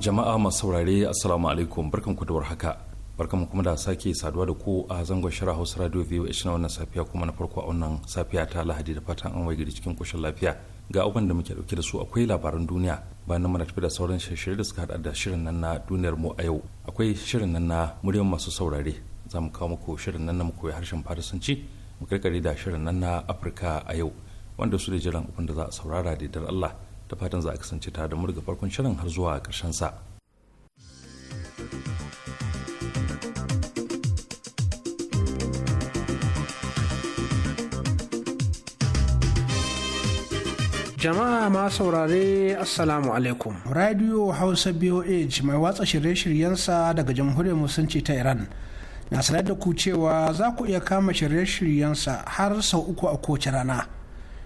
jama'a masu saurare assalamu alaikum barkan ku da warhaka barkan kuma da sake saduwa da ku a zangon shirin hausa radio voh na wannan safiya kuma na farko a wannan safiya ta lahadi da fatan an waigiri cikin koshin lafiya ga abin da muke dauke da su akwai labaran duniya bayan mana tafi da sauran shirye da suka hada da shirin nan na duniyar mu a yau akwai shirin nan na muryan masu saurare za mu kawo muku shirin nan na mu koyi harshen farisanci mu karkare da shirin nan na afirka a yau wanda su da jiran abin da za a saurara da Allah da fatan za a kasance tare da mu daga farkon shirin har zuwa karshen sa. Jama'a ma saurare Assalamu alaikum. Radio Hausa BOH mai watsa shirye-shiryensa daga Jamhuriyar Musulunci ta Iran. Na sanar da ku cewa za ku iya kama shirye-shiryensa har sau uku a kowace rana.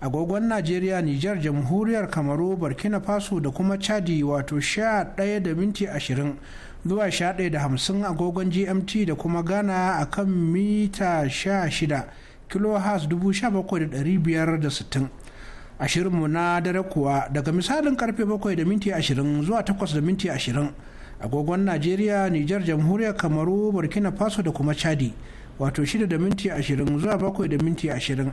agogon najeriya niger jamhuriyar kamaru burkina faso da kuma chadi wato da minti ashirin zuwa ɗaya da hamsin agogon gmt da kuma ghana a kan mita 16 da sittin ashirinmu na dare kuwa daga misalin karfe bakwai da minti ashirin zuwa takwas da minti ashirin agogon najeriya niger jamhuriyar kamaru burkina faso da kuma chadi wato shida da minti ashirin zuwa bakwai da minti ashirin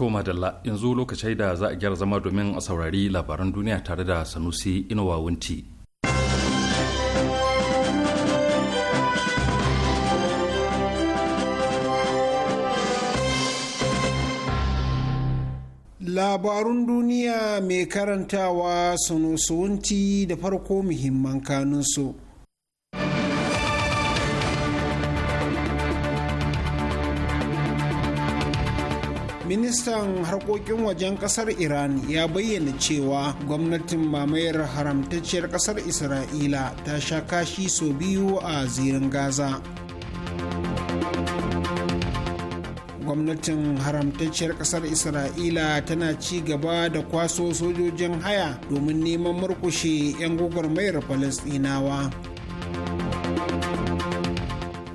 To madalla yanzu lokacin da za a gyara zama domin a saurari labaran duniya tare da Sanusi Inuwa Wunti. Labarun duniya mai karantawa Sanusi Wunti da farko muhimman kanunsu. ministan harkokin wajen kasar iran ya bayyana cewa gwamnatin mamayar haramtacciyar kasar isra'ila ta sha kashi sau biyu a zirin gaza gwamnatin haramtacciyar kasar isra'ila tana ci gaba da kwaso sojojin haya domin neman murkushe 'yan gwagwarmayar falasdinawa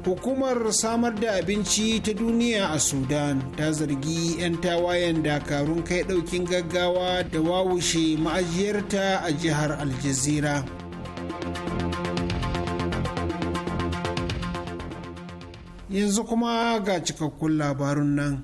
hukumar samar da abinci ta duniya a sudan ta zargi 'yan tawayen dakarun kai daukin gaggawa da wawushe ma'ajiyarta a jihar Aljazeera. yanzu kuma ga cikakkun labarun nan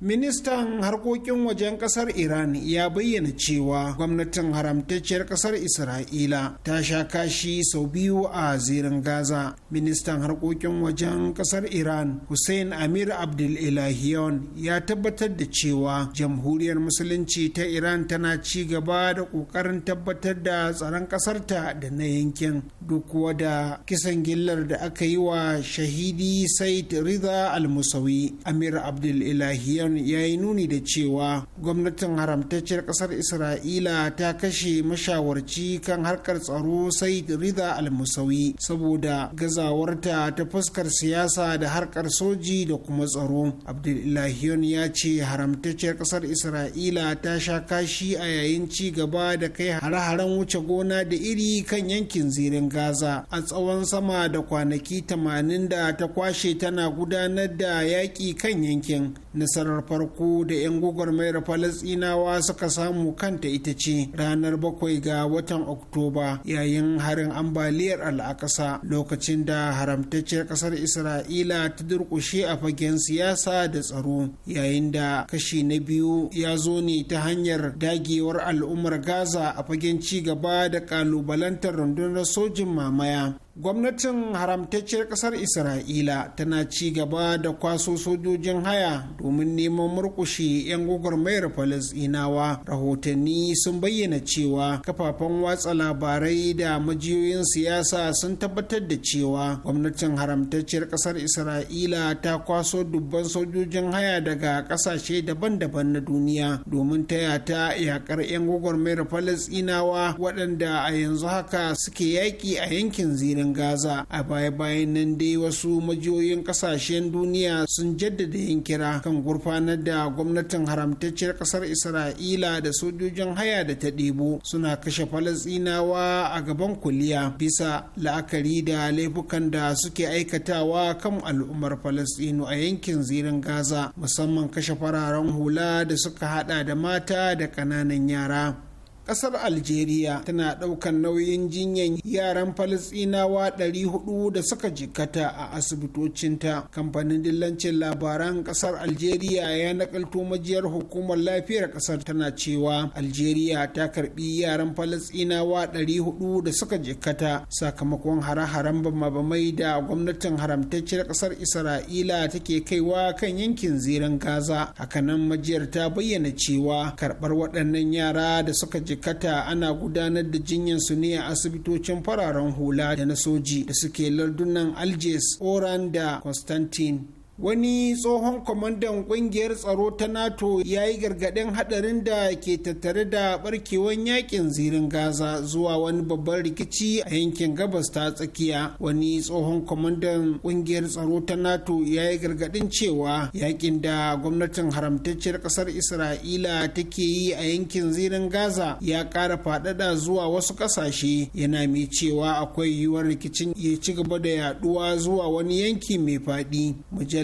Ministan harkokin wajen kasar Iran ya bayyana cewa gwamnatin haramtacciyar kasar Isra'ila ta sha kashi sau biyu a zirin Gaza. Ministan harkokin wajen kasar Iran Hussein Amir Abdul Ilahiyon ya tabbatar da cewa jamhuriyar musulunci ta Iran tana ci gaba da ƙoƙarin tabbatar da tsaron ƙasarta da na yankin duk wada kisan gillar da aka yi wa shahidi Said Rida Al-Musawi Amir Abdul Ilahiyon lebanon ya yi nuni da cewa gwamnatin haramtacciyar kasar isra'ila ta kashe mashawarci kan harkar tsaro sai rida Al-Musawi saboda gazawarta ta fuskar siyasa da harkar soji da kuma tsaro abdullahiyon ya ce haramtacciyar kasar isra'ila ta sha kashi a yayin ci gaba da kai hare-haren wuce gona da iri kan yankin zirin gaza a tsawon sama da kwanaki 80 da ta kwashe tana gudanar da yaƙi kan yankin nasarar ranar farko da 'yan gwagwarmayar falasinawa suka samu kanta ita ce ranar bakwai ga watan oktoba yayin harin ambaliyar al'akasa lokacin da haramtacciyar kasar isra'ila ta durkushe a fagen siyasa da tsaro yayin da kashi na biyu ya zo ne ta hanyar dagewar al'ummar gaza a fagen ci gaba da kalubalantar rundunar sojin mamaya gwamnatin haramtacciyar kasar isra'ila tana ci gaba da kwaso sojojin haya domin neman murkushe 'yan gwagwarmayar falasinawa rahotanni sun bayyana cewa kafafen watsa labarai da majiyoyin siyasa sun tabbatar da cewa gwamnatin haramtacciyar kasar isra'ila ta kwaso dubban sojojin haya daga kasashe daban-daban na duniya domin taya ta yakar 'yan gwagwarmayar falasinawa waɗanda a yanzu haka suke yaƙi a yankin zirin zirin gaza a baya-bayan nan dai wasu majiyoyin kasashen duniya sun jaddada yin kira kan gurfanar da gwamnatin haramtacciyar kasar isra'ila da sojojin haya da ta ɗebo suna kashe falasinawa a gaban kuliya bisa la'akari da laifukan da suke aikatawa kan al'ummar falasinu a yankin zirin gaza musamman kashe fararen hula da suka hada da mata da ƙananan yara kasar algeria tana daukan nauyin jinyan yaran falisinawa 400 da suka jikata a asibitocinta kamfanin dillancin labaran kasar algeria ya nakalto majiyar hukumar lafiyar kasar tana cewa algeria ta karbi yaran falisinawa 400 da suka jikkata sakamakon hare-haren bamabamai da gwamnatin haramtacciyar kasar isra'ila take kaiwa kan yankin zirin gaza hakanan majiyar ta bayyana cewa karbar waɗannan yara da suka jikkata jikkata ana gudanar da jinyar su ne a asibitocin fararen hula da na soji da suke lardunan algiers oran da constantine wani tsohon kwamandan kungiyar tsaro ta nato ya yi gargaɗin haɗarin da ke tattare da barkewan yakin zirin gaza zuwa wani babban rikici a yankin gabas ta tsakiya wani tsohon kwamandan kungiyar tsaro ta nato ya yi gargaɗin cewa yakin da gwamnatin haramtacciyar ƙasar isra'ila take yi a yankin zirin gaza ya ƙara faɗaɗa zuwa wasu ƙasashe yana mai cewa akwai yiwuwar rikicin ya ci gaba da yaɗuwa zuwa wani yanki mai faɗi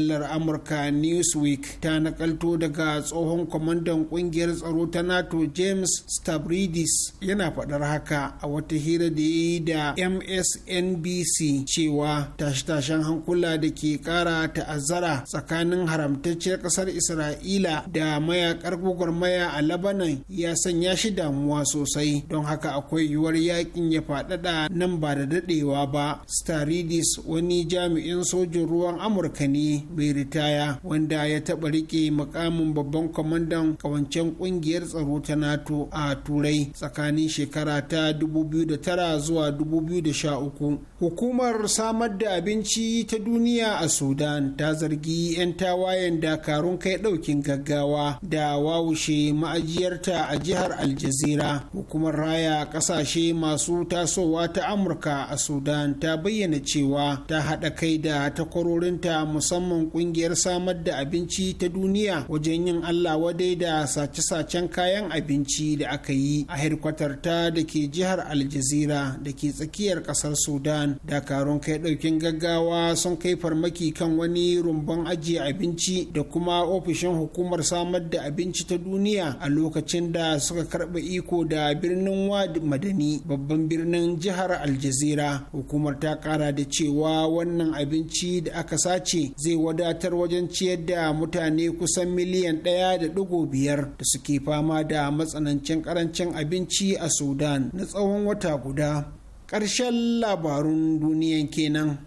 mujallar amurka newsweek ta nakalto daga tsohon kwamandan kungiyar tsaro ta nato james stabridis yana faɗar haka a wata hira da ya yi da msnbc cewa tashe-tashen hankula da ke ƙara ta'azzara tsakanin haramtacciyar ƙasar isra'ila da mayakar maya a labanan ya sanya shi damuwa sosai don haka akwai yiwuwar yakin ya faɗaɗa nan ba da daɗewa ba staridis wani jami'in sojin ruwan amurka ne mai ritaya wanda ya taɓa rike makamin babban kwamandan kawancen ƙungiyar tsaro ta nato a turai tsakanin shekara ta 2009 zuwa 2013 hukumar samar da abinci ta duniya a sudan ta zargi 'yan tawayen dakarun kai ɗaukin gaggawa da wawushe ma'ajiyarta a jihar aljazira hukumar raya ƙasashe masu tasowa ta amurka a sudan ta bayyana cewa ta haɗa kai da takwarorinta musamman kungiyar samar da abinci ta duniya wajen yin Allah wadai da sace-sacen kayan abinci da aka yi a hirkwatar ta da ke jihar Aljazira da ke tsakiyar kasar Sudan. Dakarun kai ɗaukin gaggawa sun kai farmaki kan wani rumbun ajiye abinci da kuma ofishin hukumar samar da abinci ta duniya a lokacin da suka karɓa iko da birnin Wad Madani babban birnin jihar Aljazira. Hukumar ta ƙara da cewa wannan abinci da aka sace zai wadatar wajen ciyar da mutane kusan miliyan ɗaya da ɗigo biyar da suke fama da matsanancin karancin abinci a sudan na tsawon wata guda karshen labarun duniyan kenan.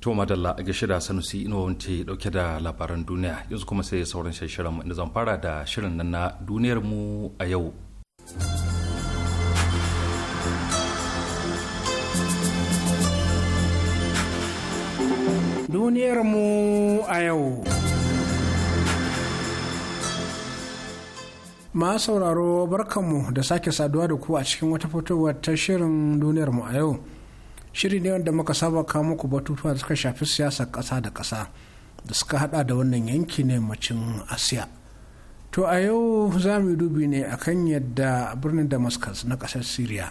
To madalla a gashi da sanusi ino wance dauke da labaran duniya yanzu kuma sai sauran shirin inda zan fara da shirin nan na duniyar mu a yau. duniyarmu a yau. Ma sauraro barkanmu da sake saduwa da ku a cikin wata fitowar ta shirin duniyarmu a yau. Shiri ne wanda muka saba kawo muku batutuwa da suka shafi siyasar ƙasa da ƙasa da suka hada da wannan yanki ne macin Asiya. To a yau za mu dubi ne akan yadda birnin Damascus na ƙasar syria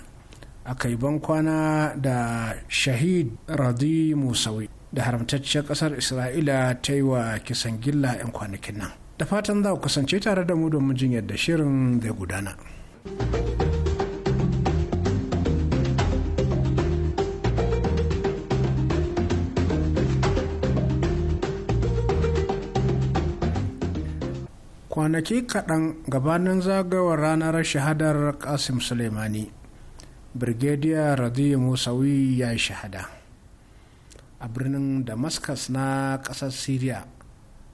aka yi ban kwana da Shahid Radi Musawi da haramtacciyar ƙasar isra'ila ta yi wa kisan gilla 'yan kwanakin nan da fatan za ku kasance tare da mu domin jin yadda shirin zai gudana kwanaki kaɗan gabanin zagawar ranar shahadar kasim suleimani birgediya radiyu musawi ya yi shahada a birnin damascus na ƙasar syria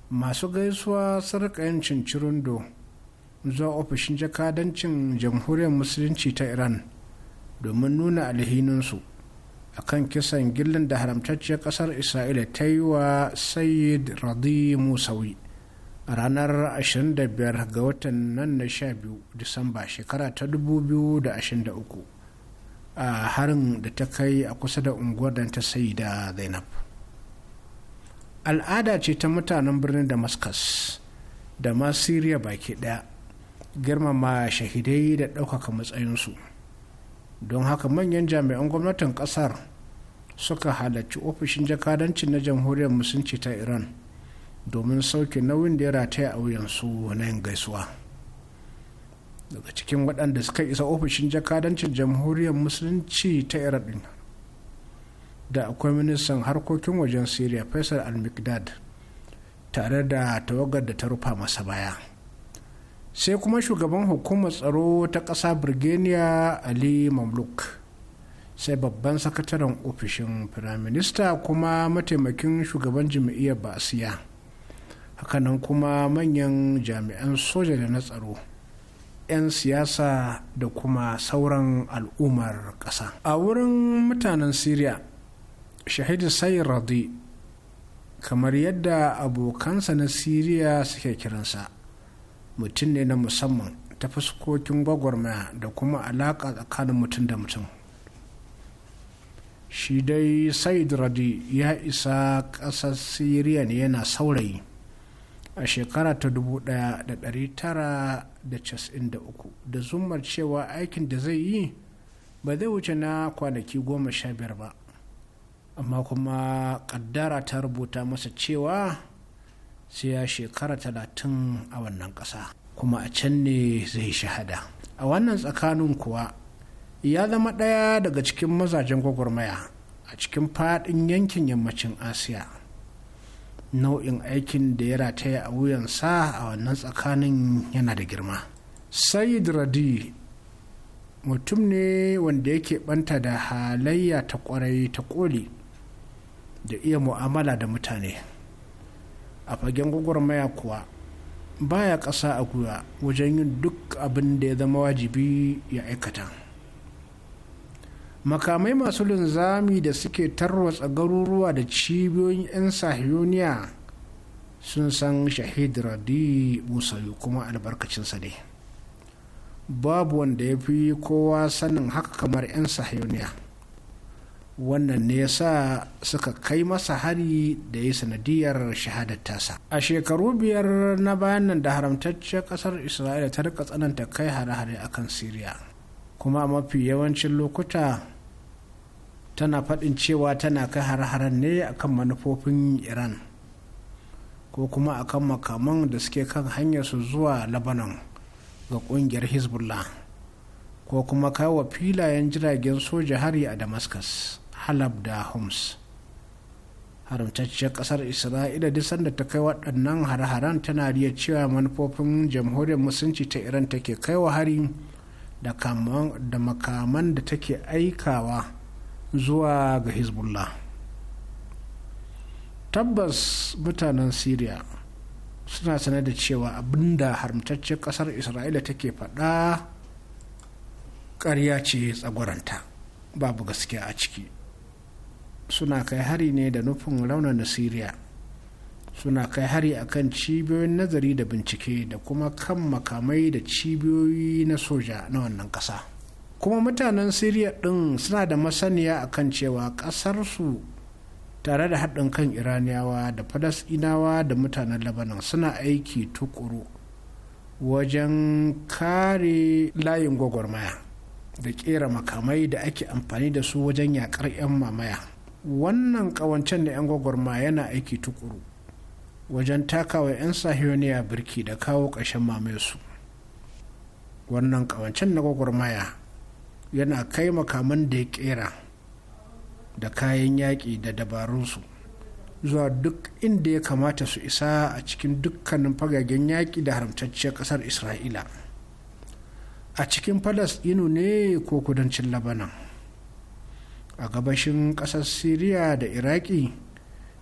masu gaisuwa sun rika yin do zuwa ofishin jakadancin jamhuriyar musulunci ta iran domin nuna alhininsu a kan kisan gillin da haramtacciyar ƙasar isra'ila ta yi wa sayyid radi musawi a ranar 25 ga watan nan na 12 disamba shekara ta 2023 a harin da ta kai a kusa da unguwar da ta sai da zainab al'ada ce ta mutanen birnin damascus da ma siriya baki daya girmama shahidai da ɗaukaka matsayinsu don haka manyan jami'an gwamnatin ƙasar suka halarci ofishin jakadancin na jamhuriyar musulunci ta iran domin sauke nauyin da ya rataya a wuyansu na yin gaisuwa. daga cikin waɗanda suka isa ofishin jakadancin jamhuriyar musulunci ta iraɗin da akwai ministan harkokin wajen syria faisal al-mikdad tare da tawagar da ta rufa masa baya sai kuma shugaban hukumar tsaro ta ƙasa birgeniya ali mamluk sai babban sakataren ofishin firaminista kuma mataimakin shugaban jami'iyyar basiya hakanan kuma manyan jami'an soja da na tsaro 'yan siyasa da kuma sauran al'ummar ƙasa a wurin mutanen siriya shahid sai radi kamar yadda abokansa na siriya suke kiransa mutum ne na musamman ta fuskokin gwagwarmaya da kuma alaƙa tsakanin mutum da mutum shi dai said radi ya isa ƙasar siriya ne yana saurayi a shekara ta 1993 da zumar cewa aikin da zai yi ba zai wuce na kwanaki goma sha biyar ba amma kuma kaddara ta rubuta masa cewa sai ya shekara talatin a wannan ƙasa kuma a can ne zai shahada a wannan tsakanin kuwa ya zama ɗaya daga cikin mazajen gwagwarmaya a cikin faɗin yankin yammacin asiya nau'in aikin da ya rataya a wuyansa a wannan tsakanin yana da girma sayid radi mutum ne wanda yake banta da halayya ta kwarai ta koli da iya mu'amala da mutane a fagen gwagwarmaya kuwa baya ƙasa a guya wajen yin duk abin da ya zama wajibi ya aikata makamai masu linzami da suke tarwatsa garuruwa da cibiyoyin 'yan sahiyoniya sun san shahid radi musayi kuma albarkacinsa ne babu wanda ya fi kowa sanin haka kamar 'yan sahiyoniya wannan ne ya sa suka kai masa hari da ya sanadiyar shahadar tasa a shekaru biyar na bayan nan da haramtacciyar kasar isra'ila ta rika tsananta kai hare-hare akan siriya kuma mafi yawancin lokuta tana faɗin cewa tana kai har-haren ne akan manufofin iran ko kuma akan makaman da suke kan hanyar su zuwa lebanon ga ƙungiyar hezbollah ko kuma kawo filayen jiragen soja hari a damascus halab da homs haramtacciyar kasar isra'ila duk sanda ta kai waɗannan har-haren tana riya cewa manufofin jamhuriyar musulunci ta iran take kaiwa hari da makaman da take aikawa zuwa ga hezbollah tabbas mutanen syria suna sanar da cewa abinda harmtaccen kasar isra'ila take faɗa karya ce tsagwaranta babu gaskiya a ciki suna kai hari ne da nufin raunana syria suna kai hari akan cibiyoyin nazari da bincike da kuma kan makamai da cibiyoyi na soja na wannan kasa. kuma mutanen siriya ɗin suna da masaniya a kan cewa ƙasarsu tare da haɗin kan iraniyawa da falasɗinawa da mutanen labanan suna aiki tukuru wajen kare layin gwagwarmaya da ƙera makamai da ake amfani da su wajen yaƙar 'yan mamaya wannan ƙawancen da 'yan gwagwarmaya yana aiki tukuru wajen takawa 'yan sahiyoniya birki da kawo ƙashin mamayarsu wannan ƙawancen na gwagwarmaya yana kai makaman da ya kera da kayan yaƙi da dabarunsu zuwa duk inda ya kamata su isa a cikin dukkanin fagagen yaƙi da haramtacciyar ƙasar isra'ila a cikin falasɗinu ne ko kudancin labanan a gabashin ƙasar siriya da iraki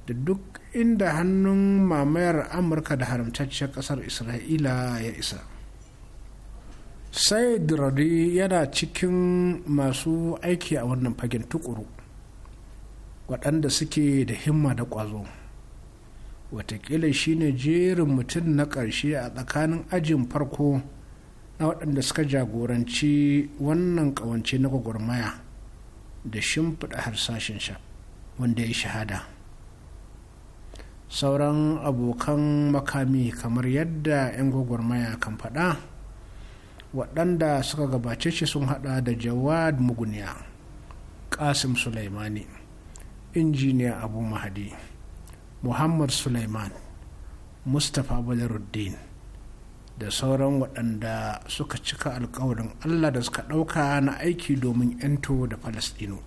da duk inda hannun mamayar amurka da haramtacciyar ƙasar isra'ila ya isa said radi yana cikin masu aiki a wannan fagen tukuru waɗanda suke da himma da ƙwazo watakila shi ne jerin mutum na ƙarshe a tsakanin ajin farko na waɗanda suka jagoranci wannan ƙawance na gwagwarmaya da shimfiɗa harsashin sha wanda ya shahada sauran abokan makami kamar yadda 'yan gwagwarmaya kan faɗa waɗanda suka gabace shi sun hada da jawad muguniya kasim sulaimani injiniya abu mahadi muhammad sulaiman mustapha balaruddin da sauran waɗanda suka cika alkawarin allah da suka ɗauka na aiki domin 'yanto da falasɗinu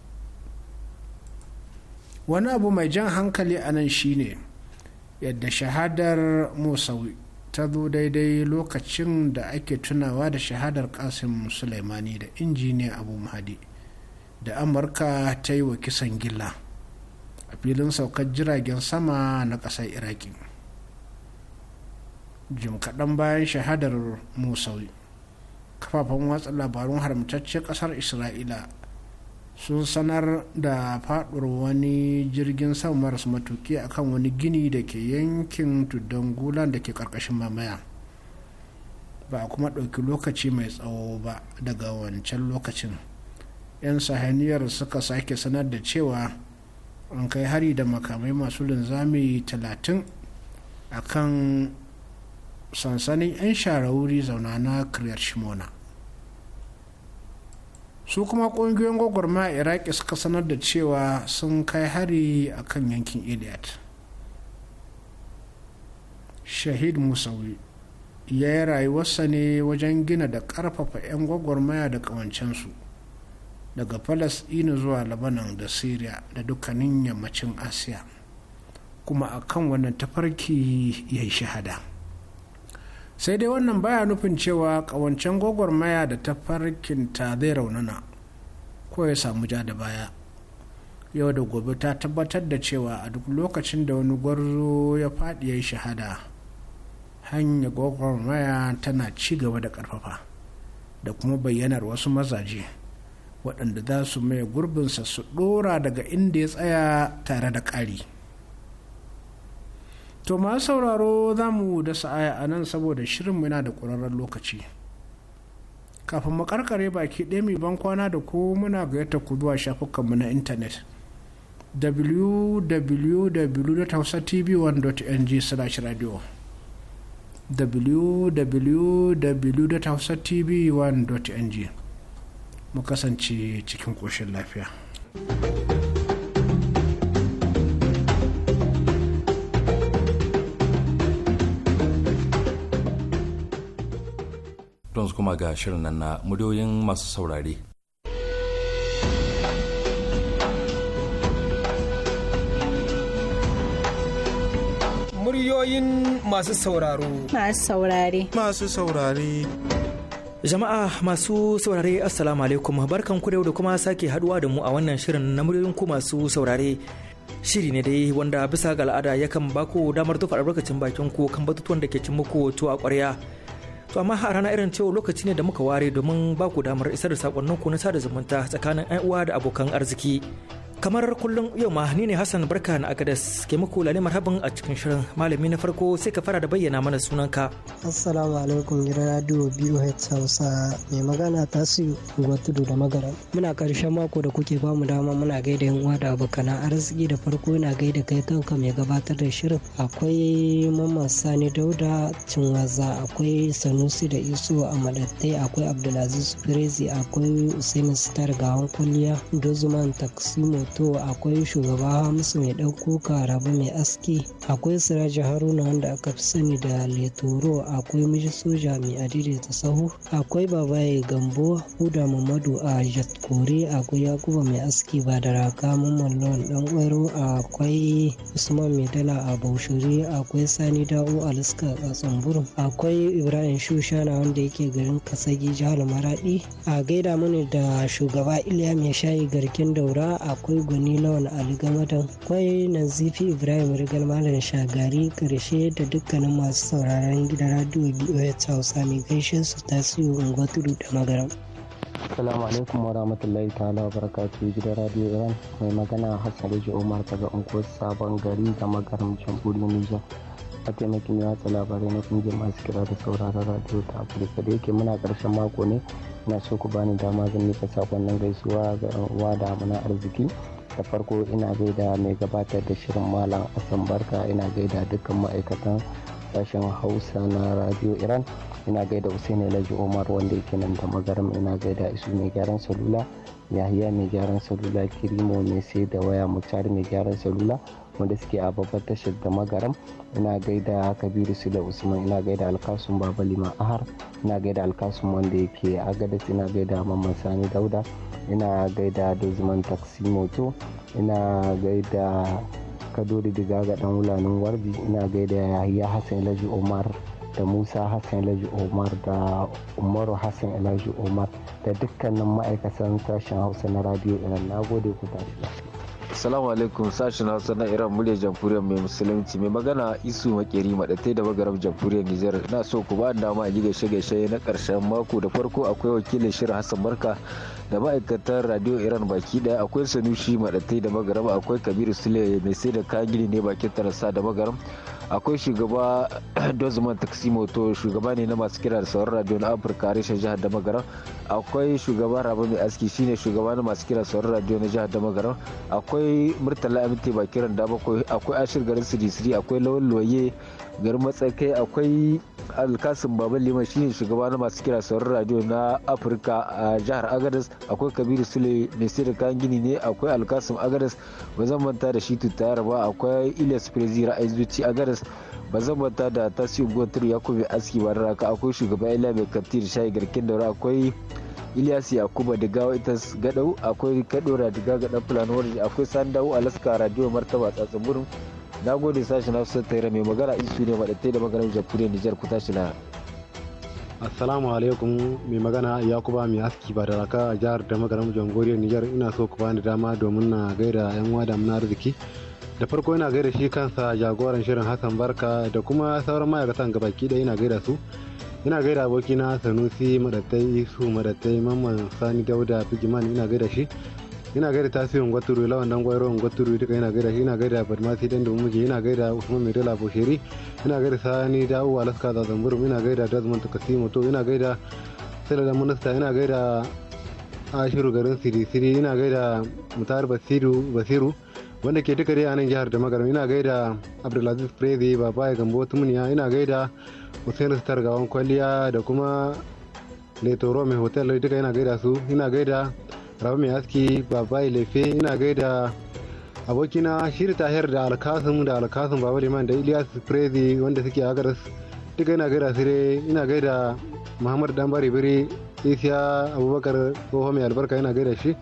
wani abu mai jan hankali anan nan shine yadda shahadar musawi ta zo daidai lokacin da ake tunawa da shahadar kasim sulaimani da injiniya abu mahadi da amurka ta yi wa kisan gilla a filin saukar jiragen sama na ƙasar iraki jim kaɗan bayan shahadar musawi kafafen watsa labarun haramtaccen ƙasar isra'ila sun sanar da faɗuwar wani jirgin sama maras matuki akan wani gini da ke yankin tuddan gulan da ke ƙarƙashin mamaya ba a kuma ɗauki lokaci mai tsawo ba daga wancan lokacin 'yan sahaniyar suka sake sanar da cewa an kai hari da makamai masu linzami 30 a kan sansanin 'yan shara wuri zauna na kiryar shimona su kuma kungiyoyin gwagwarma iraki suka sanar da cewa sun kai hari a kan yankin iliad shahid musawi ya yi rayuwarsa ne wajen gina da karfafa 'yan gwagwarmaya da kawancensu daga falasɗinu zuwa labanan da syria da dukkanin yammacin asiya kuma akan wannan tafarki ya yi shahada. sai dai wannan baya nufin cewa ƙawancen gwagwarmaya da ta farkinta zai raunana ko ya samu ja da baya yau da gobe ta tabbatar da cewa a duk lokacin da wani gwarzo ya faɗi ya yi shahada hanyar gwagwarmaya tana ci gaba da ƙarfafa da kuma bayyanar wasu mazaje waɗanda za su maye gurbinsa su ɗora daga inda ya tsaya tare da ƙari. to masu sauraro za mu da sa'aya a nan saboda shirin yana da ƙwararren lokaci kafin mu karkare baki ɗaya mai ban kwana da ko muna gayyata ku zuwa shafukanmu na intanet www.hausatv1.ng/radio www.hausatv1.ng mu kasance cikin ƙoshin lafiya. thank you kuma ga shirin nan na muryoyin masu saurare. Muryoyin masu sauraro. Masu saurare. Masu saurare. Jama'a masu saurare Assalamu alaikum barkan ku da kuma sake haduwa da mu a wannan shirin na muryoyin ku masu saurare. Shiri ne dai wanda bisa ga al'ada yakan baku damar tufa albarkacin bakin ku kan batutuwan da ke cin muku tuwa ƙwarya. to amma a rana irin cewa lokaci ne da muka ware domin ba ku damar isar da sakonninku na sada zumunta tsakanin 'yan uwa da abokan arziki kamar kullum yau ma ni ne hassan barka na agadas ke muku lalle marhaban a cikin shirin malami na farko sai ka fara da bayyana mana sunanka assalamu alaikum gidan radio biyu hausa mai magana ta unguwar tudu da magara muna karshen mako da kuke bamu dama muna gaida yan uwa da abokana arziki da farko yana gaida kai kanka mai gabatar da shirin akwai mamman sani dauda cinwaza akwai sanusi da iso a madattai akwai abdulaziz firezi akwai usaini sitar gawan kwalliya dozuman taksimo to akwai shugaba hamisu mai ɗauko karaba mai aski akwai siraji haruna wanda aka fi sani da letoro akwai miji soja mai adaidaita sahu akwai babaye gambo huda mamadu a jatkore akwai yakuba mai aski ba da raka mamman lawan dan ƙwaro akwai usman mai dala a baushiri akwai sani da'o aliska a tsamburu akwai ibrahim shushana wanda yake garin kasagi jihar Maraɗi a gaida mana da shugaba iliya mai shayi garkin daura akwai akwai gwani lawan aligamadan kwai zifi ibrahim rigar malam shagari karshe da dukkanin masu sauraron gidan radio boh hausa mai gaishe su tasiri unguwa tudu da magaram Assalamu alaikum wa rahmatullahi ta'ala wa barakatu gidan Radio Iran mai magana Hassan Umar daga unguwar Sabon Gari da magarin Jamhuriyar Nijar. a mataimakin yatsa labarai na kungiyar masu kira da sauraron radio ta afirka da yake muna karshen mako ne ina so ku bani dama zan nika sakonnin gaisuwa ga 'yan uwa da amana arziki da farko ina gaida mai gabatar da shirin malam asan barka ina gaida dukkan ma'aikatan sashen hausa na radio iran ina gaida usain alhaji omar wanda yake nan da magaram ina gaida isu mai gyaran salula yahiya mai gyaran salula kirimo mai sai da waya mutar mai gyaran salula wanda suke a babbar tashar da magaram ina gaida kabiru su da usman ina gaida alkasun baba liman ahar ina gaida alkasun wanda yake agadas ina gaida mamman sani dauda ina gaida dozman taxi moto ina gaida kadori diga ga dan wulanin warbi ina gaida yahya hassan laji omar da musa hassan laji omar da umaru hassan laji omar da dukkanin ma'aikatan sashen hausa na radio ina na gode ku tashi Assalamu alaikum sashen Hausa na Iran murya jamhuriyar mai musulunci mai magana isu makeri madatai da magaram jamhuriyar Nijar na so ku ba dama a yi gaishe gaishe na karshen mako da farko akwai wakilin shirin Hassan Barka da ma'aikatar Radio Iran baki daya akwai Sanushi madatai da magaram akwai Kabiru Sule mai sai da kayan ne bakin tarasa da magaram akwai shugaba dozman moto shugaba ne na masu kira da sauran radio na afirka a jihar da magaran akwai shugaba rabu mai aski shine shugaba na masu kira sauran radio na jihar da magaran akwai murtala aminti ba kiran da bakwai akwai ashir garin siri siri akwai lawan loye garin matsakai akwai alkasin baban liman shine shugaba na masu kira sauran radio na afirka a jihar agadas akwai kabiru sule mai sai da kayan gini ne akwai alkasim agadas ba zan manta da shi tutayar ba akwai ilyas prezi ra'ayin zuci agadas ba zan manta da tasi ya yakubu aski ba raka akwai shugaba ila mai kantir shayi garkin akwai ilyas yakuba da gawa ita gadau akwai kadora da gaga dan fulani akwai sandawo alaska radio martaba tsatsin na gode sashi na su tare mai magana isu ne maɗatai da maganar jamhuriyar nijar ku tashi na assalamu alaikum mai magana yakuba mai aski ba da raka a jihar da maganar jamhuriyar nijar ina so ku bani dama domin na gaida yan uwa da muna arziki da farko ina gaida shi kansa jagoran shirin hassan barka da kuma sauran ma'aikatan gabaki da ina gaida su ina gaida abokina sanusi madattai isu madattai mamman sani dauda bigiman ina gaida shi ina gaida tasirin gwaturu lawan dan gwairo gwaturu duka ina gaida shi ina gaida badmasi dan domin muke ina gaida usman mai dala bosheri ina gaida sani dawo alaska zamburu ina gaida desmond kasi to ina gaida sai minista ina gaida ashiru garin siri siri ina gaida mutar basiru basiru wanda ke duka dai a nan jihar da magaram ina gaida abdulaziz prezi baba ya gambo tumuniya ina gaida hussein star gawan kwalliya da kuma leto mai hotel duka ina gaida su ina gaida rabu mai haske babayi lefe ina gaida abokina shiri tahir da alkasim da alkasim baba liman da ilyas prezi wanda suke agaras duka ina gaida sire ina gaida muhammad dan bari biri isiya abubakar tsoho mai albarka ina gaida shi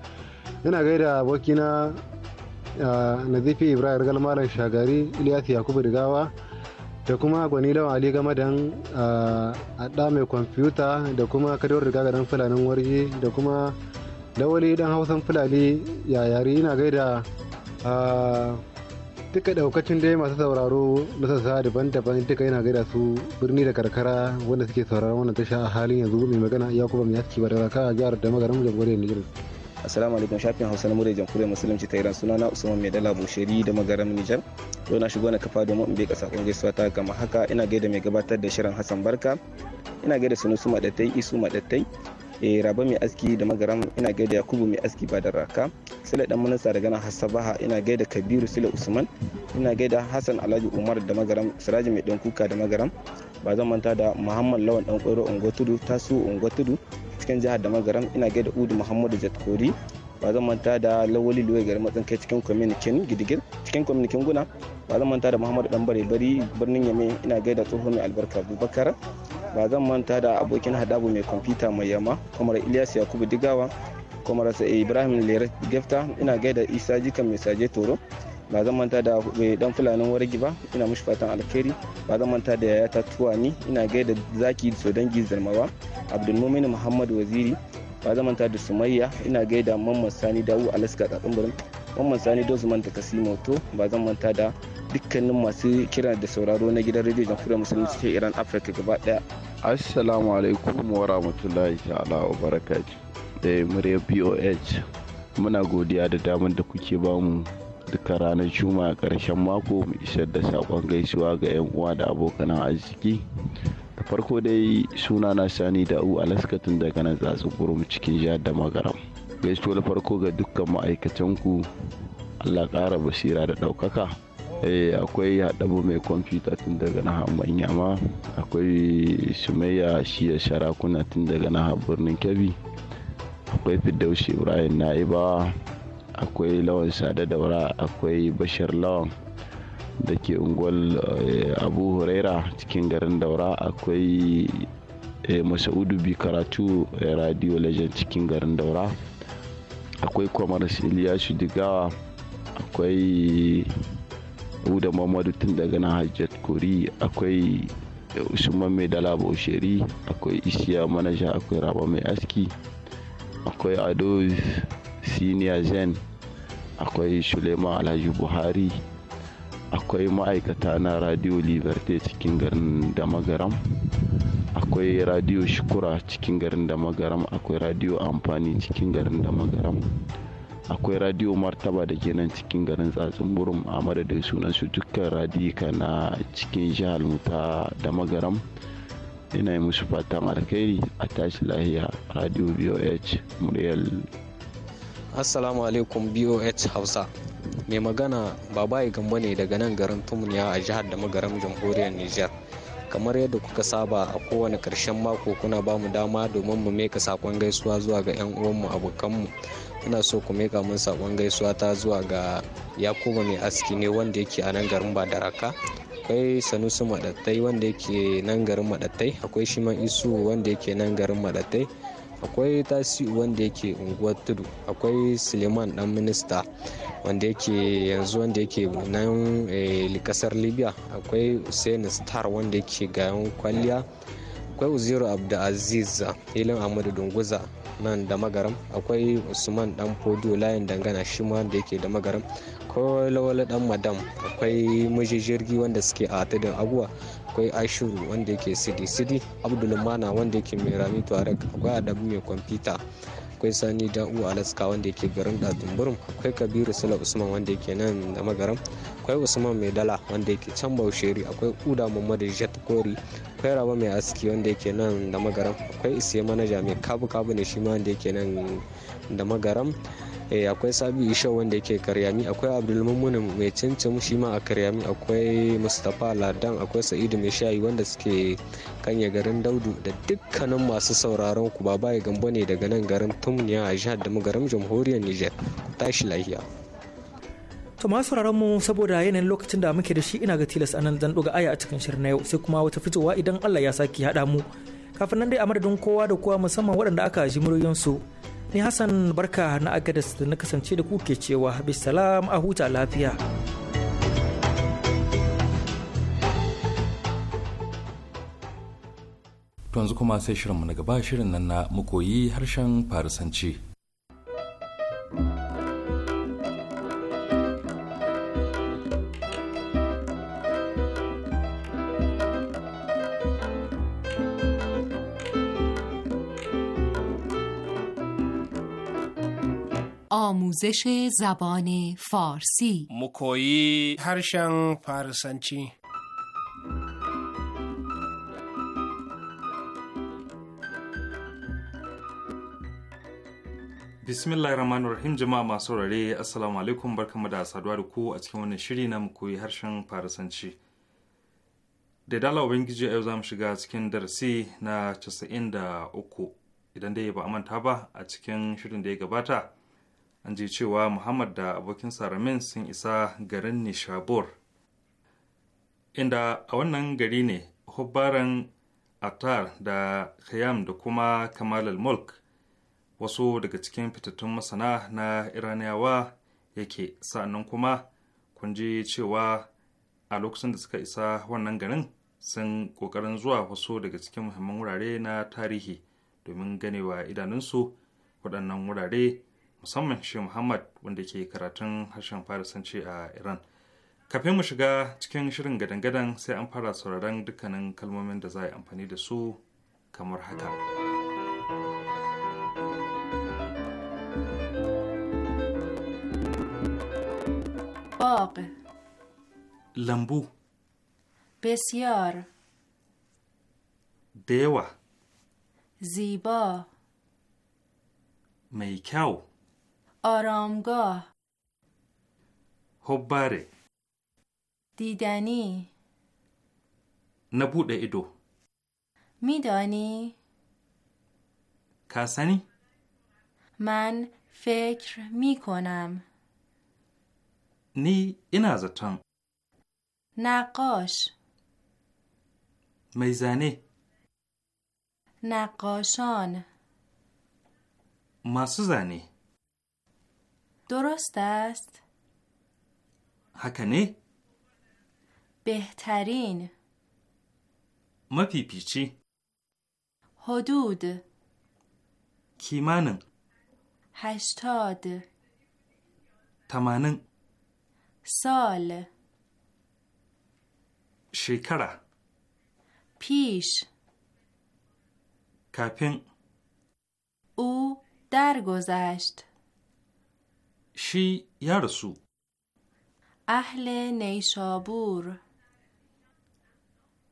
ina gaida abokina nazifi ibrahim galmaran shagari ilyas yakubu digawa da kuma gwani lawan ali game da a mai kwamfuta da kuma kadawar riga ga dan fulanin warji da kuma wani dan hausan fulani ya yare yana gaida a duka daukacin dai masu sauraro na sassa daban-daban duka yana gaida su birni da karkara wanda suke sauraron wannan tasha a halin yanzu mai magana ya kuma mai yaski ba da raka a jihar da magaran jamhuriyar nijar assalamu alaikum shafin hausa na murai jamhuriyar musulunci ta iran sunana usman mai dala bushari da magaram nijar yau na shigo na kafa domin in bai kasa kun gaisuwa ta gama haka ina gaida mai gabatar da shirin hassan barka ina gaida sunusu madatai isu madatai E, raba mai aski da magaram ina gaida yakubu mai aski ba da raka sule dan munasa da gana hasabaha ina gaida kabiru sule usman ina gaida hassan alhaji umar da magaram siraji mai dan kuka da magaram ba zan manta da muhammad lawan dan kwairo ungo tudu tasu ungo tudu cikin jihar da magaram ina gaida udu muhammadu jatkori ba zan manta da lawali luwai gari matsan kai cikin kwaminikin gidigir cikin kwaminikin guna ba zan manta da muhammadu dan bare bari birnin yame ina gaida tsoho mai albarka abubakar ba zan manta da abokin hadabu mai kwamfuta mai yama kamar ilyas yakubu digawa kamar eh, ibrahim lera gefta ina gaida isa jikan mai saje toro ba zan manta da dan fulanin wargi ba ina mushi fatan alkhairi ba zan manta da yaya tatuwa ni ina gaida zaki so dangi zarmawa abdulmumin muhammad waziri ba ta da sumayya ina gaida mamman sani dawu alaska tsatsin mamman sani dozman da kasimoto ba zan manta da dukkanin masu kira da sauraro na gidan rediyo jamhuriyar musulunci cikin iran afirka gaba daya assalamu alaikum wa rahmatullahi ta'ala wa barakatuh da eh, murya boh muna godiya da damar da kuke bamu duka ranar juma'a karshen mako mu isar da sabon gaisuwa ga yan uwa da abokan arziki da farko dai suna na sani da u tun daga nan su kurum cikin jihar da magaram gaisuwa da farko ga dukkan ma'aikatan allah ƙara basira da ɗaukaka eh, akwai haɗabu mai kwamfuta tun daga na manyama akwai sumayya shiya sharakuna tun daga na birnin kebbi akwai fidaushi ibrahim na'ibawa akwai lawan sada daura akwai bashar lawan da ke unguwar eh, abu huraira cikin garin daura akwai eh, masaudu bi karatu eh, radio legend cikin garin daura akwai commerce iliyasu digawa akwai uda mamadu tun daga na hajjat kori akwai usman mai dala bausheri akwai isiya manaja akwai raba mai aski akwai ado senior zen akwai suleiman alhaji buhari akwai ma'aikata na radio liberté cikin garin da magaram akwai radio shukura cikin garin da magaram akwai radio amfani cikin garin da magaram akwai radio martaba da ke nan cikin garin tsatsin burum a madadin sunan su dukkan radika na cikin jihar muta da magaram ina yi musu fatan alkhairi a tashi lahiya radio boh muryal assalamu alaikum boh hausa mai magana babaye gamba ne daga nan garin tumniya a jihar da magaram jamhuriyar niger kamar yadda kuka saba a kowane karshen mako kuna bamu dama domin mu meka sakon gaisuwa zuwa ga 'yan uwanmu abokanmu ina so ku meka mun sakon gaisuwa ta zuwa ga yakubu mai aski ne wanda yake a nan garin badaraka akwai sanusi madattai wanda yake nan garin madattai akwai shiman isu wanda yake nan garin madattai akwai tasi wanda yake unguwar tudu akwai suleiman dan minista wanda yake yanzu wanda yake nan kasar eh, libya akwai usaini star wanda yake gayan kwalliya akwai uziru abdulaziz ilin amadu dunguza nan da magaram akwai usman dan fodo layin dangana shi ma da yake da magaram akwai wani dan madam akwai miji jirgi wanda suke a tudun abuwa akwai ashiru wanda yake sidi sidi abdulmana wanda yake mai rami tuareg akwai adabu mai kwamfuta akwai sani da'u alaska wanda yake garin datumburum akwai kabiru sula usman wanda yake nan da magaram akwai usman mai dala wanda yake can bausheri akwai uda muhammadu jet kori akwai raba mai aski wanda yake nan da magaram akwai isiye manaja mai kabu kabu ne shi ma wanda yake nan da magaram Eh, akwai sabi isho wanda yake karyami akwai abdul abdulmumunin mai cincin shi ma a karyami akwai mustapha ladan akwai sa'idu mai shayi wanda suke kanya garin daudu da dukkanin masu sauraron ku babaye gambo ne daga nan garin tumniya a jihar da garin jamhuriyar niger tashi lahiya To masu mu saboda yanayin lokacin da muke da shi ina ga tilas anan zan doga aya a cikin shirin na yau sai kuma wata fitowa idan Allah ya saki haɗa mu. Kafin nan dai a madadin kowa da kowa musamman waɗanda aka ji muryoyinsu ni hassan barka na agadas da na kasance da kuke cewa salam a huta lafiya yanzu kuma sai shirinmu na gaba shirin nan na mukoyi harshen farisanci آموزش زبان فارسی مکویی هرشن فارسنچی bismillahir rahmanir rahim jama'a masu saurare assalamu alaikum barkamu da saduwa da ku a cikin wannan shiri na koyi harshen faransanci da dala ubangiji yau za mu shiga cikin darasi na casa'in da 93 idan dai ba a manta ba a cikin shirin da ya gabata an ji cewa muhammad da abokin saramin sun isa garin nishabur inda a wannan gari ne hubbaran atar da khayam da kuma kamal mulk wasu daga cikin fitattun masana na iraniyawa yake sa'annan kuma kun ji cewa a lokacin da suka isa wannan garin sun ƙoƙarin zuwa wasu daga cikin muhimman wurare na tarihi domin ganewa idanunsu waɗannan wurare musamman shi muhammad wanda ke karatun harshen farisanci a iran kafin mu shiga cikin shirin gadangadan sai an fara sauraron dukkanin kalmomin da za a yi amfani da su kamar haka باغ لمبو بسیار ziba mai kyau. آرامگاه هوباره دیدنی نبود ایدو میدانی کسانی من فکر می کنم نی این از نقاش میزانی نقاشان ماسوزانی درست است؟ هکنه؟ بهترین ما پی پیچی حدود کیمانن هشتاد تمانن سال شکر پیش کپن او درگذشت شی یا اهل نیشابور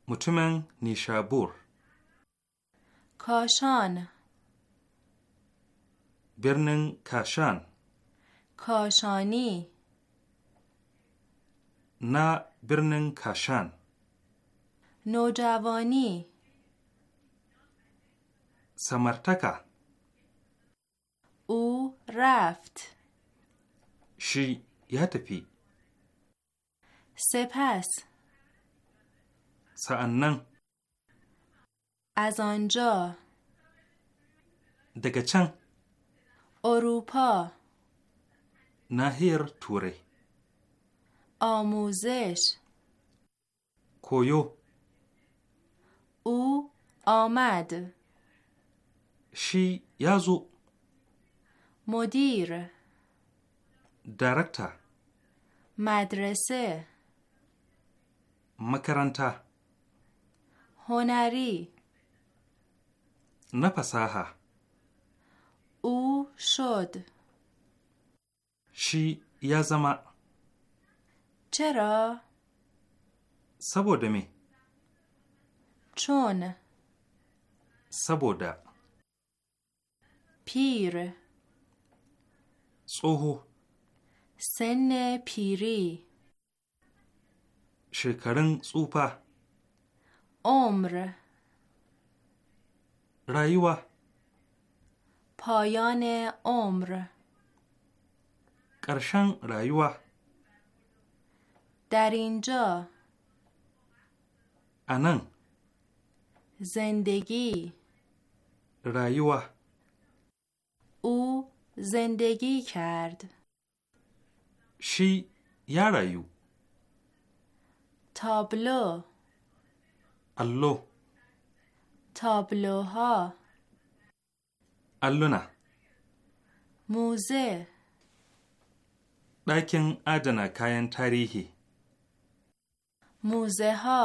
متمن نیشابور کاشان برنن کاشان کاشانی نه برنن کاشان نوجوانی سمرتکا او رفت شی یا تفی سپس سعنن از آنجا دگه چن اروپا نهیر توره آموزش کویو او آمد شی یازو مدیر Darakta. Madrasa. Makaranta. Honari. Na fasaha. U shod. Shi ya zama. Cera. Saboda me. Chon. Saboda. Pir. Tsoho. سن پیری شکرن سوپا عمر رایوا پایان عمر کرشن رایوا در اینجا انن زندگی رایوا او زندگی کرد شی یا rayu. تابلو الو تابلوها Alluna. موزه ɗakin adana kayan tarihi muze ha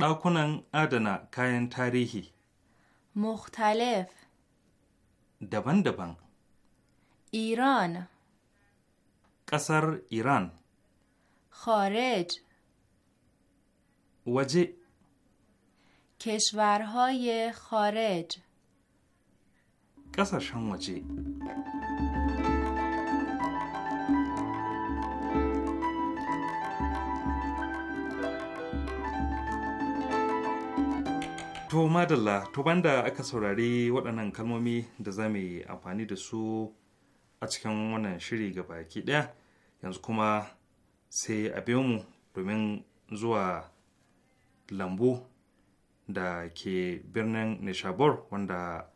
ɗakunan adana kayan tarihi مختلف daban-daban Iran قصر ایران خارج وجه کشورهای خارج قصرشان وجه To madalla, to banda aka saurari waɗannan kalmomi da za mu yi amfani da su a cikin wannan shiri ga baki ɗaya yanzu kuma sai a biyo mu domin zuwa lambu da ke birnin nishabor wanda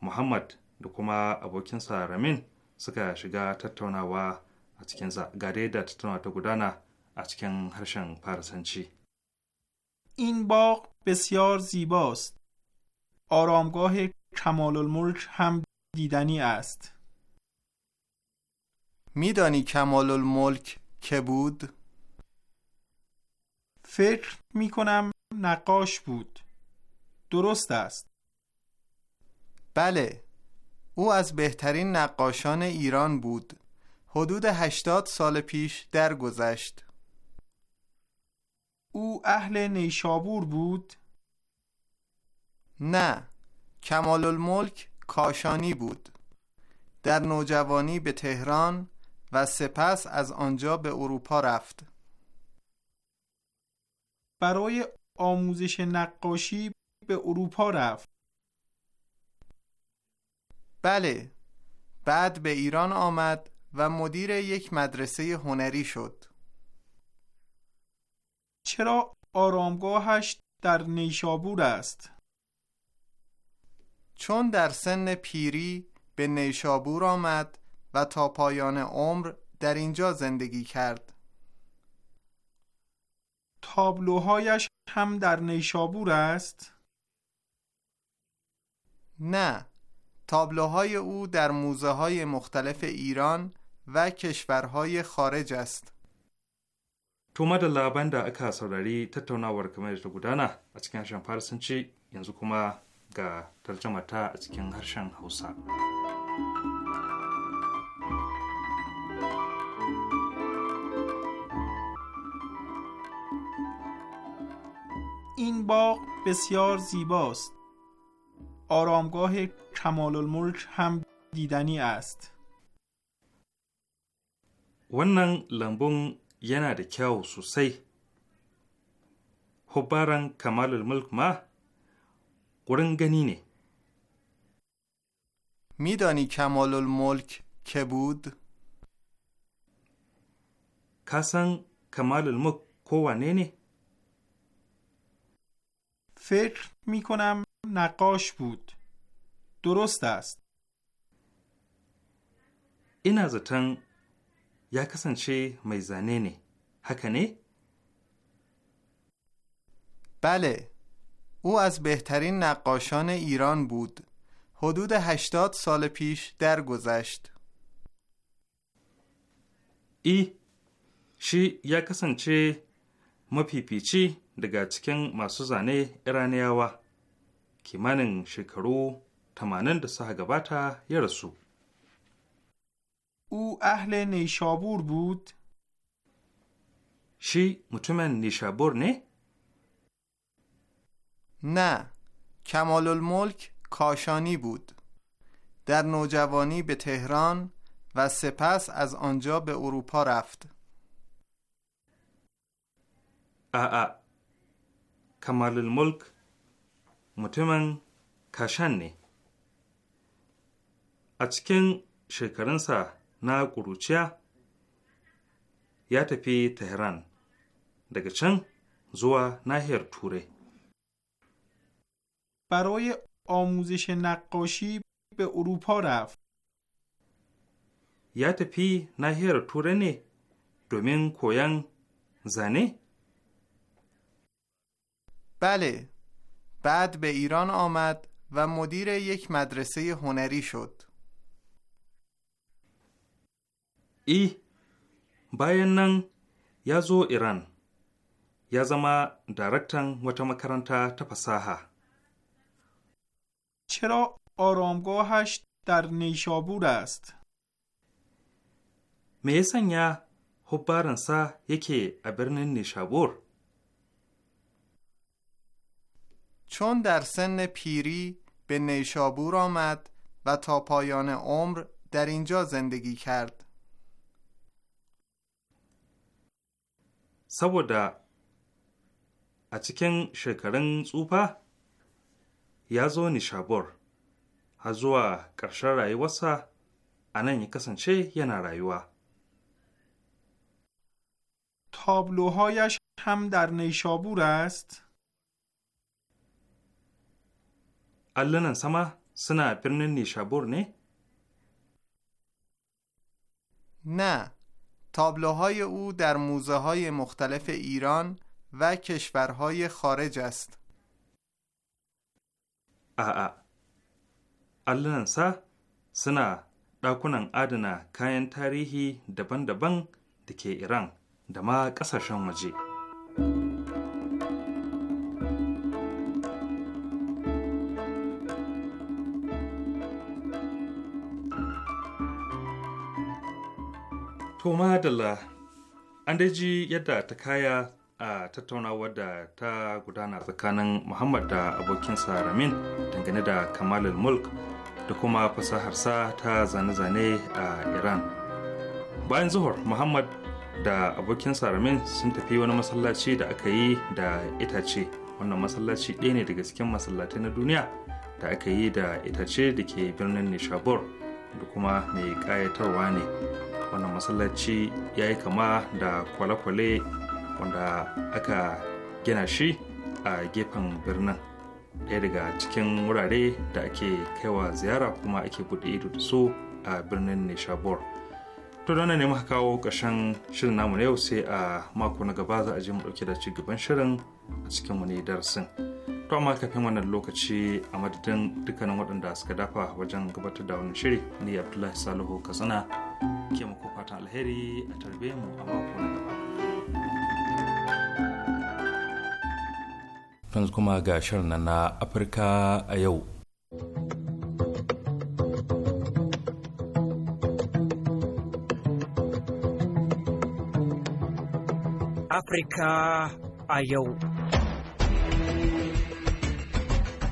muhammad da kuma abokinsa ramin suka shiga tattaunawa a cikinsa ga da tattaunawa ta gudana a cikin harshen farisanci این باغ بسیار زیباست آرامگاه کمال الملک هم دیدنی است میدانی کمال الملک که بود؟ فکر می کنم نقاش بود درست است بله او از بهترین نقاشان ایران بود حدود هشتاد سال پیش درگذشت او اهل نیشابور بود؟ نه کمال الملک کاشانی بود در نوجوانی به تهران و سپس از آنجا به اروپا رفت برای آموزش نقاشی به اروپا رفت بله بعد به ایران آمد و مدیر یک مدرسه هنری شد چرا آرامگاهش در نیشابور است چون در سن پیری به نیشابور آمد و تا پایان عمر در اینجا زندگی کرد تابلوهایش هم در نیشابور است؟ نه تابلوهای او در موزه های مختلف ایران و کشورهای خارج است To madalla da aka saurari tattaunawar kamar da ta gudana a cikin harshen Farisanci yanzu kuma ga tarjama ta a cikin harshen Hausa. این باغ بسیار زیباست آرامگاه کمال الملک هم دیدنی است ونن لمبون یه da kyawu sosai hubbaran کمال الملک ما میدانی کمال الملک که بود؟ کسان کمال الملک کوانه نه؟ فکر می کنم نقاش بود درست است این از تن یا چه می نه بله او از بهترین نقاشان ایران بود حدود هشتاد سال پیش درگذشت ای شی یا کسانچه مپیپیچی daga cikin masu zane iraniyawa kimanin شکرو 80 تمانند suka gabata ya او اهل نیشابور بود؟ شی مطمئن نیشابور نه؟ نه کمال الملک کاشانی بود در نوجوانی به تهران و سپس از آنجا به اروپا رفت. آ kamalul mulk mutumin kashan ne a cikin shekarunsa na ƙuruciya ya tafi tehran daga can zuwa nahiyar turai برای آموزش نقاشی به اروپا رفت. یا تپی نهیر تورنه دومین کویان زنه؟ بله بعد به ایران آمد و مدیر یک مدرسه هنری شد ای باینن یازو ایران یازما دارکتن و تمکرانتا تپساها چرا آرامگاهش در نیشابور است؟ میسن یا حبارنسا یکی ابرن نیشابور؟ چون در سن پیری به نیشابور آمد و تا پایان عمر در اینجا زندگی کرد سبودا a cikin shekarun tsufa ya zo nishabur har zuwa ƙarshen rayuwarsa a nan ya kasance yana rayuwa. تابلوهایش هم در نیشابور است؟ allunan سما suna birnin نیشابور نه تابلوهای او در موزه های مختلف ایران و کشورهای خارج است آآ آلنان سا سنا داکونن آدنا کاین تاریهی دبن دبن دکی ایران دما قصر شما جی To la, an dai ji yadda ta kaya a tattaunawar da ta gudana tsakanin Muhammad da abokinsa Ramin dangane da Kamalul Mulk da kuma fasaharsa ta zane-zane a Iran. Bayan zuhur Muhammad da abokinsa Ramin sun tafi wani masallaci da aka yi da itace. Wannan masallaci ɗaya ne daga cikin masallatai na duniya da aka yi da itace da ke birnin Nishabur da kuma mai ƙayatarwa ne. wannan masallaci ya yi kama da kwale-kwale wanda aka gina shi a gefen birnin ɗaya daga cikin wurare da ake kaiwa ziyara kuma ake buɗe ido da su a birnin nishabur to da ne muka kawo ƙarshen shirin namu na yau sai a mako na gaba za a je mu ɗauke da ci gaban shirin a cikin wani darasin to amma kafin wannan lokaci a madadin dukkanin waɗanda suka dafa wajen gabatar da wani shiri ni abdullahi salihu katsina ke muku fatan alheri a tarbe mu a mako na gaba yanzu kuma ga shirin na afirka a yau Afirka a yau.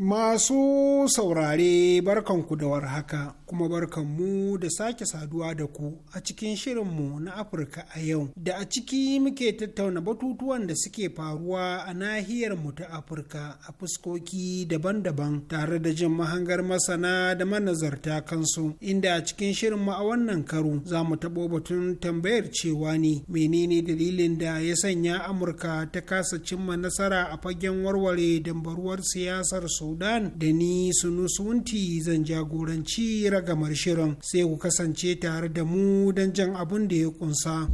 Masu saurare barkanku da warhaka kuma barkanmu da sake saduwa da ku a cikin shirinmu na Afirka a yau da a ciki muke tattauna batutuwan da suke faruwa a nahiyar mu ta Afirka a fuskoki daban-daban tare da jin mahangar masana da manazarta kansu inda a cikin shirin mu a wannan karo za mu taɓo batun tambayar cewa ne menene dalilin da ya sanya Amurka ta kasa cimma nasara a fagen warware dambaruwar siyasar su sudan da ni sunusunti zan jagoranci ragamar shirin sai ku kasance tare da mu don jan abun da ya kunsa.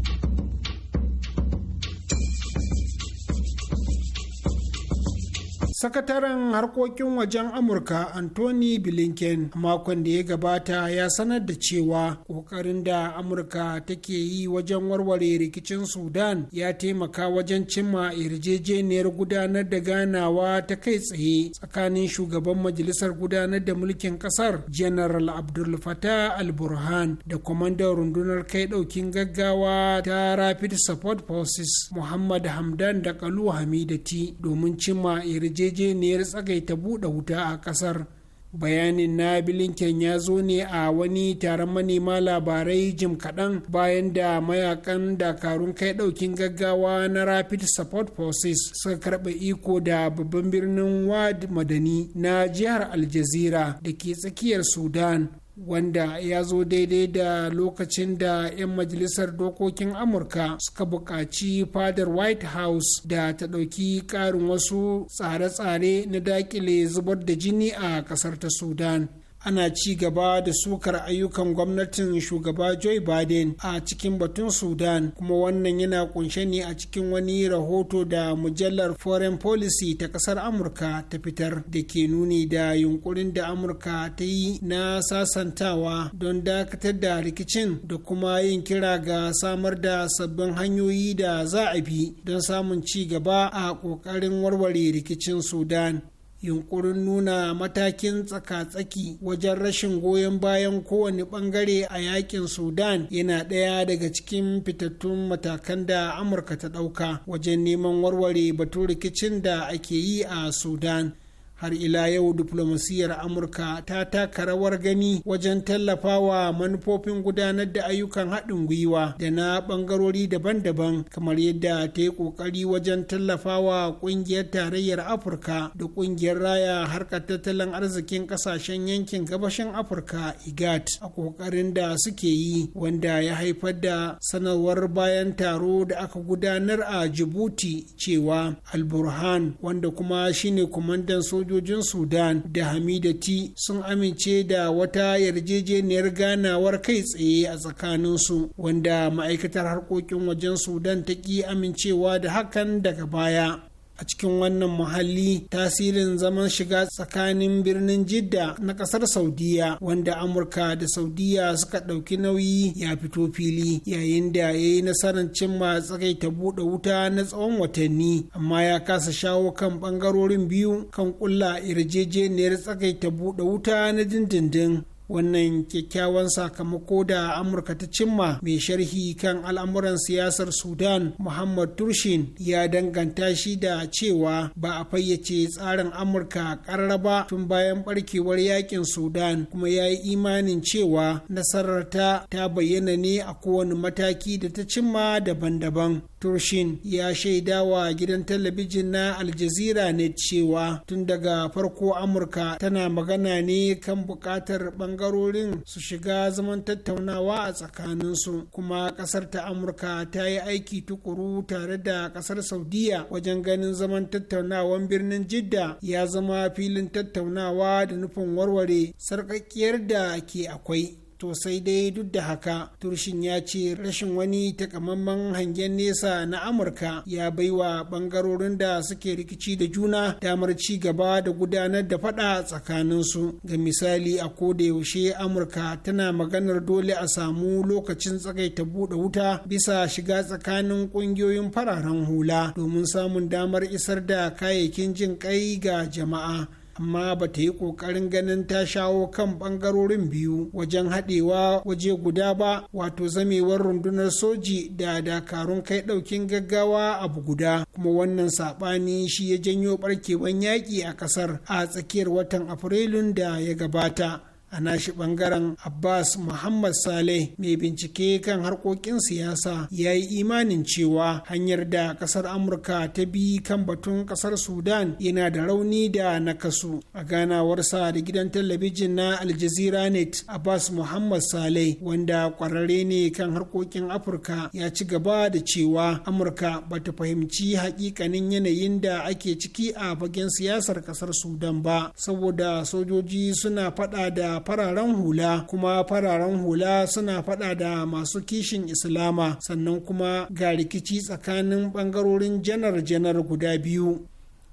sakataren harkokin wajen amurka anthony blinken makon da ya gabata ya sanar da cewa kokarin da amurka take yi wajen warware rikicin sudan ya taimaka wajen cimma yarjejeniyar gudanar da ganawa ta kai tsaye tsakanin shugaban majalisar gudanar da mulkin ƙasar general abdul Fattah al-burhan da kwamandan rundunar kai ɗaukin gaggawa ta rapid support forces muhammad hamdan da kalu hamidati domin cimma yarjejeniyar yarjejeniyar tsagaita buɗe wuta a ƙasar bayanin na bilinken ya zo ne a wani taron manema labarai jim kaɗan bayan da mayakan dakarun kai ɗaukin gaggawa na rapid support forces suka karɓa iko da babban birnin wad madani na jihar aljazira da ke tsakiyar sudan wanda ya zo daidai da lokacin da 'yan majalisar dokokin amurka suka buƙaci fadar white house da ta ɗauki ƙarin wasu tsare-tsare na daƙile zubar da jini a ƙasar ta sudan ana ci gaba da sukar ayyukan gwamnatin shugaba joe biden a cikin batun sudan kuma wannan yana kunshe ne a cikin wani rahoto da mujallar foreign policy ta kasar amurka ta fitar da ke nuni da yunkurin da amurka ta yi na sasantawa don dakatar da rikicin da kuma yin kira ga samar da sabbin hanyoyi da za a bi don samun ci gaba a ƙoƙarin warware rikicin sudan yunkurin nuna matakin tsaka-tsaki wajen rashin goyon bayan kowane bangare a yakin sudan yana ɗaya daga cikin fitattun matakan da amurka ta ɗauka wajen neman warware batun rikicin da ake yi a sudan har ila yau diflomasiyyar amurka ta taka rawar gani wajen tallafawa manufofin gudanar da ayyukan haɗin gwiwa da na ɓangarori daban-daban kamar yadda ta yi ƙoƙari wajen tallafawa ƙungiyar tarayyar afirka da ƙungiyar raya harkar tattalin arzikin ƙasashen yankin gabashin afirka igat a ƙoƙarin da suke yi wanda ya haifar da sanarwar bayan taro da aka gudanar a jibuti cewa alburhan wanda kuma shine kwamandan soja. sojojin sudan da hamidati sun amince da wata yarjejeniyar ganawar kai tsaye a tsakaninsu wanda ma'aikatar harkokin wajen sudan ta ki amincewa da hakan daga baya a cikin wannan muhalli tasirin zaman shiga tsakanin birnin jidda na kasar saudiya wanda amurka da saudiya suka ɗauki nauyi ya fito fili yayin da ya yi nasarar cimma ta buɗe wuta na tsawon watanni amma ya kasa shawo kan ɓangarorin biyu kan ƙulla yarjejeniyar ta buɗe wuta na dindindin wannan kyakkyawan sakamako da amurka ta cimma mai sharhi kan al'amuran siyasar sudan muhammad turshin ya danganta shi da cewa ba a fayyace tsarin amurka ba tun bayan barkewar yakin sudan kuma ya yi imanin cewa nasararta ta bayyana ne a kowane mataki da ta cimma daban-daban Turshin ya shaida wa gidan talabijin na Aljazeera ne cewa tun daga farko Amurka tana magana ne kan bukatar bangarorin su shiga zaman tattaunawa a tsakaninsu kuma ƙasar ta Amurka ta yi aiki tukuru tare da kasar Saudiya wajen ganin zaman tattaunawan birnin Jidda ya zama filin tattaunawa da nufin warware sarƙaƙƙiyar da ke akwai. to sai dai duk da haka turshin ya ce rashin wani takamaiman hangen nesa na amurka ya baiwa bangarorin da suke rikici da juna damar ci gaba da gudanar da fada tsakaninsu ga misali a da yaushe amurka tana maganar dole a samu lokacin tsagaita buɗe wuta bisa shiga tsakanin ƙungiyoyin fararen hula domin samun damar isar da kayayyakin jin kai ga jama'a amma ba ta yi ƙoƙarin ganin ta shawo kan ɓangarorin biyu wajen haɗewa waje guda ba wato zamewar rundunar soji da dakarun kai ɗaukin gaggawa abu guda kuma wannan saɓani shi ya janyo ɓarkewan yaƙi a ƙasar a tsakiyar watan afrilun da ya gabata a nashi bangaren abbas muhammad saleh mai bincike kan harkokin siyasa ya yi imanin cewa hanyar da kasar amurka ta bi kan batun kasar sudan yana da rauni da nakasu a ganawarsa da gidan talabijin na aljazeera net abbas muhammad saleh wanda kwararre ne kan harkokin afirka ya ci gaba da cewa amurka ba ta fahimci hakikanin yanayin da ake ciki a fagen siyasar kasar sudan ba saboda sojoji suna faɗa da fararen hula kuma fararen hula suna fada da masu kishin islama sannan kuma ga rikici tsakanin bangarorin janar janar guda biyu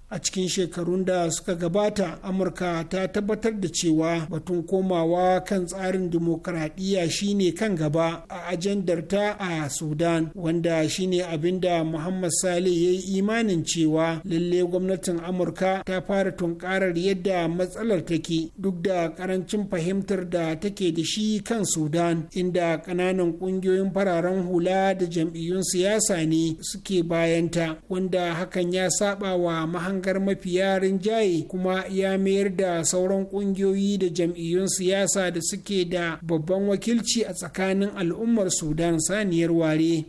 a cikin shekarun da suka gabata amurka ta tabbatar da cewa batun komawa kan tsarin dimokuraɗiyya shine kan gaba a ajandar ta a sudan wanda shine abinda muhammad sale ya yi imanin cewa lalle gwamnatin amurka ta fara tunkarar yadda matsalar take duk da karancin fahimtar da take da shi kan sudan inda ƙananan ƙungiyoyin fararen hula da jam'iyyun siyasa ne suke bayanta wanda hakan ya saba wa mahan mafi mafiya rinjaye kuma ya mayar da sauran kungiyoyi da jam'iyyun siyasa da suke da babban wakilci a tsakanin al'ummar sudan saniyar ware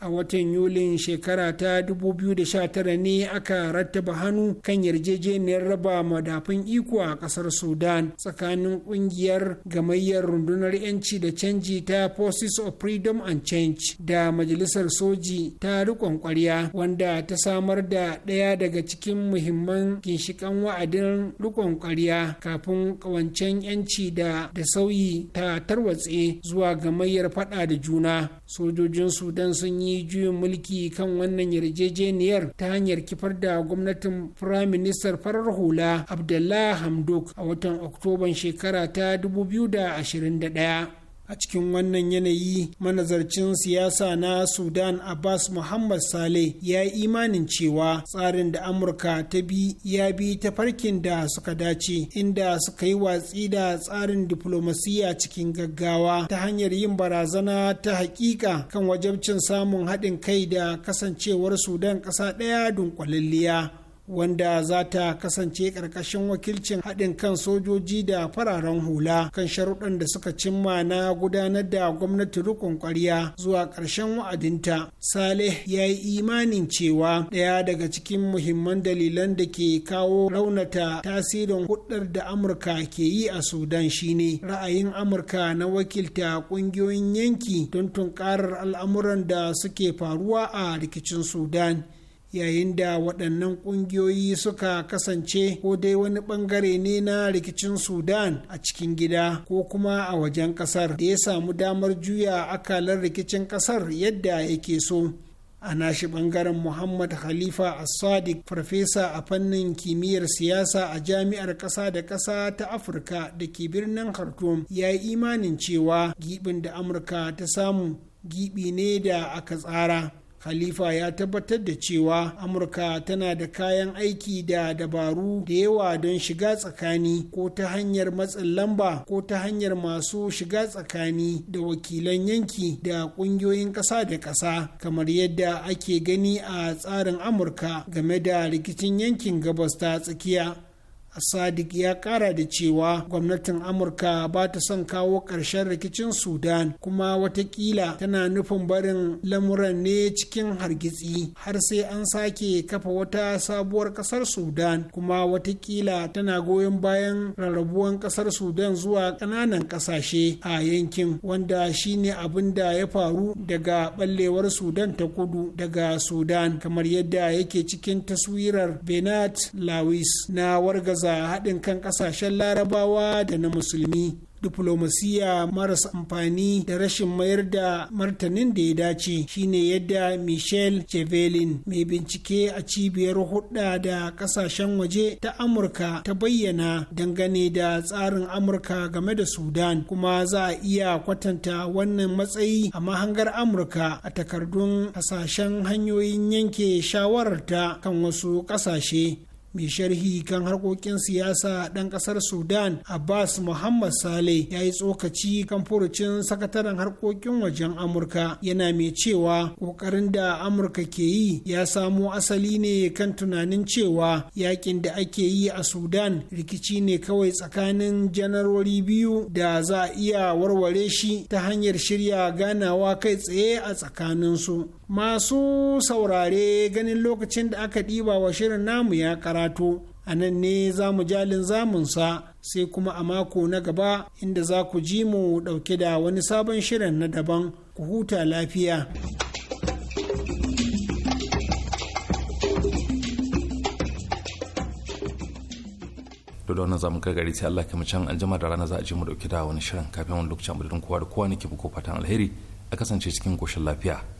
a watan yulin shekara ta 2019 ne aka rattaba hannu kan yarjejeniyar raba madafun iko a kasar sudan tsakanin kungiyar gamayyar rundunar yanci da canji ta forces of freedom and change da majalisar soji ta rikon kwarya wanda ta samar da ɗaya daga cikin muhimman ginshikan wa'adin rikon kwarya kafin kawancen yanci da da sauyi ta tarwatse zuwa gamayyar fada da juna sojojin sudan sun yi juyin mulki kan wannan yarjejeniyar ta hanyar kifar da gwamnatin firaministar farar hula Abdullahi Hamduk a watan oktoban shekara ta 2021 a cikin wannan yanayi manazarcin siyasa na sudan abbas muhammad saleh ya yi imanin cewa tsarin da amurka ta bi ya bi ta farkin da suka dace inda suka yi watsi da tsarin diplomasiya cikin gaggawa ta hanyar yin barazana ta hakika kan wajabcin samun haɗin kai da kasancewar sudan ƙasa ɗaya dunkulalliya wanda za ta kasance ƙarƙashin wakilcin haɗin kan sojoji da fararen hula kan sharuɗan da suka cimma na gudanar da gwamnati rukun ƙwarya zuwa ƙarshen wa'adinta saleh ya yi imanin cewa ɗaya daga cikin muhimman dalilan da ke kawo raunata tasirin hudar da amurka ke yi a sudan shine ra'ayin amurka na wakilta ƙungiyoyin yanki don tunkarar al'amuran da suke faruwa a rikicin sudan yayin da waɗannan ƙungiyoyi suka kasance ko dai wani ɓangare ne na rikicin sudan a cikin gida ko kuma a wajen ƙasar da ya samu damar juya akalar rikicin ƙasar yadda yake so a nashi bangaren muhammad khalifa as-sadiq farfesa a fannin kimiyyar siyasa a jami'ar ƙasa da ƙasa ta afirka da ke birnin khartoum ya yi imanin cewa gibin da amurka ta samu gibi ne da aka tsara Khalifa ya tabbatar da cewa Amurka tana da kayan aiki da dabaru da yawa don shiga tsakani ko ta hanyar matsin lamba ko ta hanyar masu shiga tsakani da wakilan yanki da ƙungiyoyin ƙasa da ƙasa kamar yadda ake gani a tsarin Amurka game da rikicin yankin gabas ta tsakiya. Sadiq ya kara da cewa gwamnatin Amurka ba ta son kawo ƙarshen rikicin Sudan kuma watakila tana nufin barin lamuran ne cikin hargitsi har sai an sake kafa wata sabuwar ƙasar Sudan kuma watakila tana goyon bayan rarrabuwan ƙasar Sudan zuwa ƙananan ƙasashe a yankin wanda shine abin da ya faru daga ɓallewar Sudan ta kudu daga Sudan kamar yadda yake cikin taswirar Benat Lawis na wargaza a haɗin kan ƙasashen larabawa da na musulmi diplomasiya maras amfani da rashin mayar da martanin da ya dace shine yadda michelle chevelin mai bincike a cibiyar hudda da kasashen waje ta amurka ta bayyana dangane da tsarin amurka game da sudan kuma za a iya kwatanta wannan matsayi a mahangar amurka a takardun hasashen hanyoyin yanke shawararta kan wasu kasashe mai sharhi kan harkokin siyasa ɗan ƙasar sudan abbas muhammad sale ya yi tsokaci kan furucin sakataren harkokin wajen amurka yana mai cewa ƙoƙarin da amurka ke yi ya samo asali ne kan tunanin cewa yakin da ake yi a sudan rikici ne kawai tsakanin janarori biyu da za a iya warware shi ta hanyar shirya ganawa kai tsaye a tsakanin su. masu saurare ganin lokacin da aka ɗiba wa shirin namu ya karatu a nan ne za mu jalin zamunsa sai kuma a mako na gaba inda za ku ji mu ɗauke da wani sabon shirin na daban ku huta lafiya. dole wannan zamu kai gari sai Allah kuma can anjima da rana za a ji mu dauki da wani shirin kafin wani lokacin mu kowa da kowa nake muku fatan alheri a kasance cikin koshin lafiya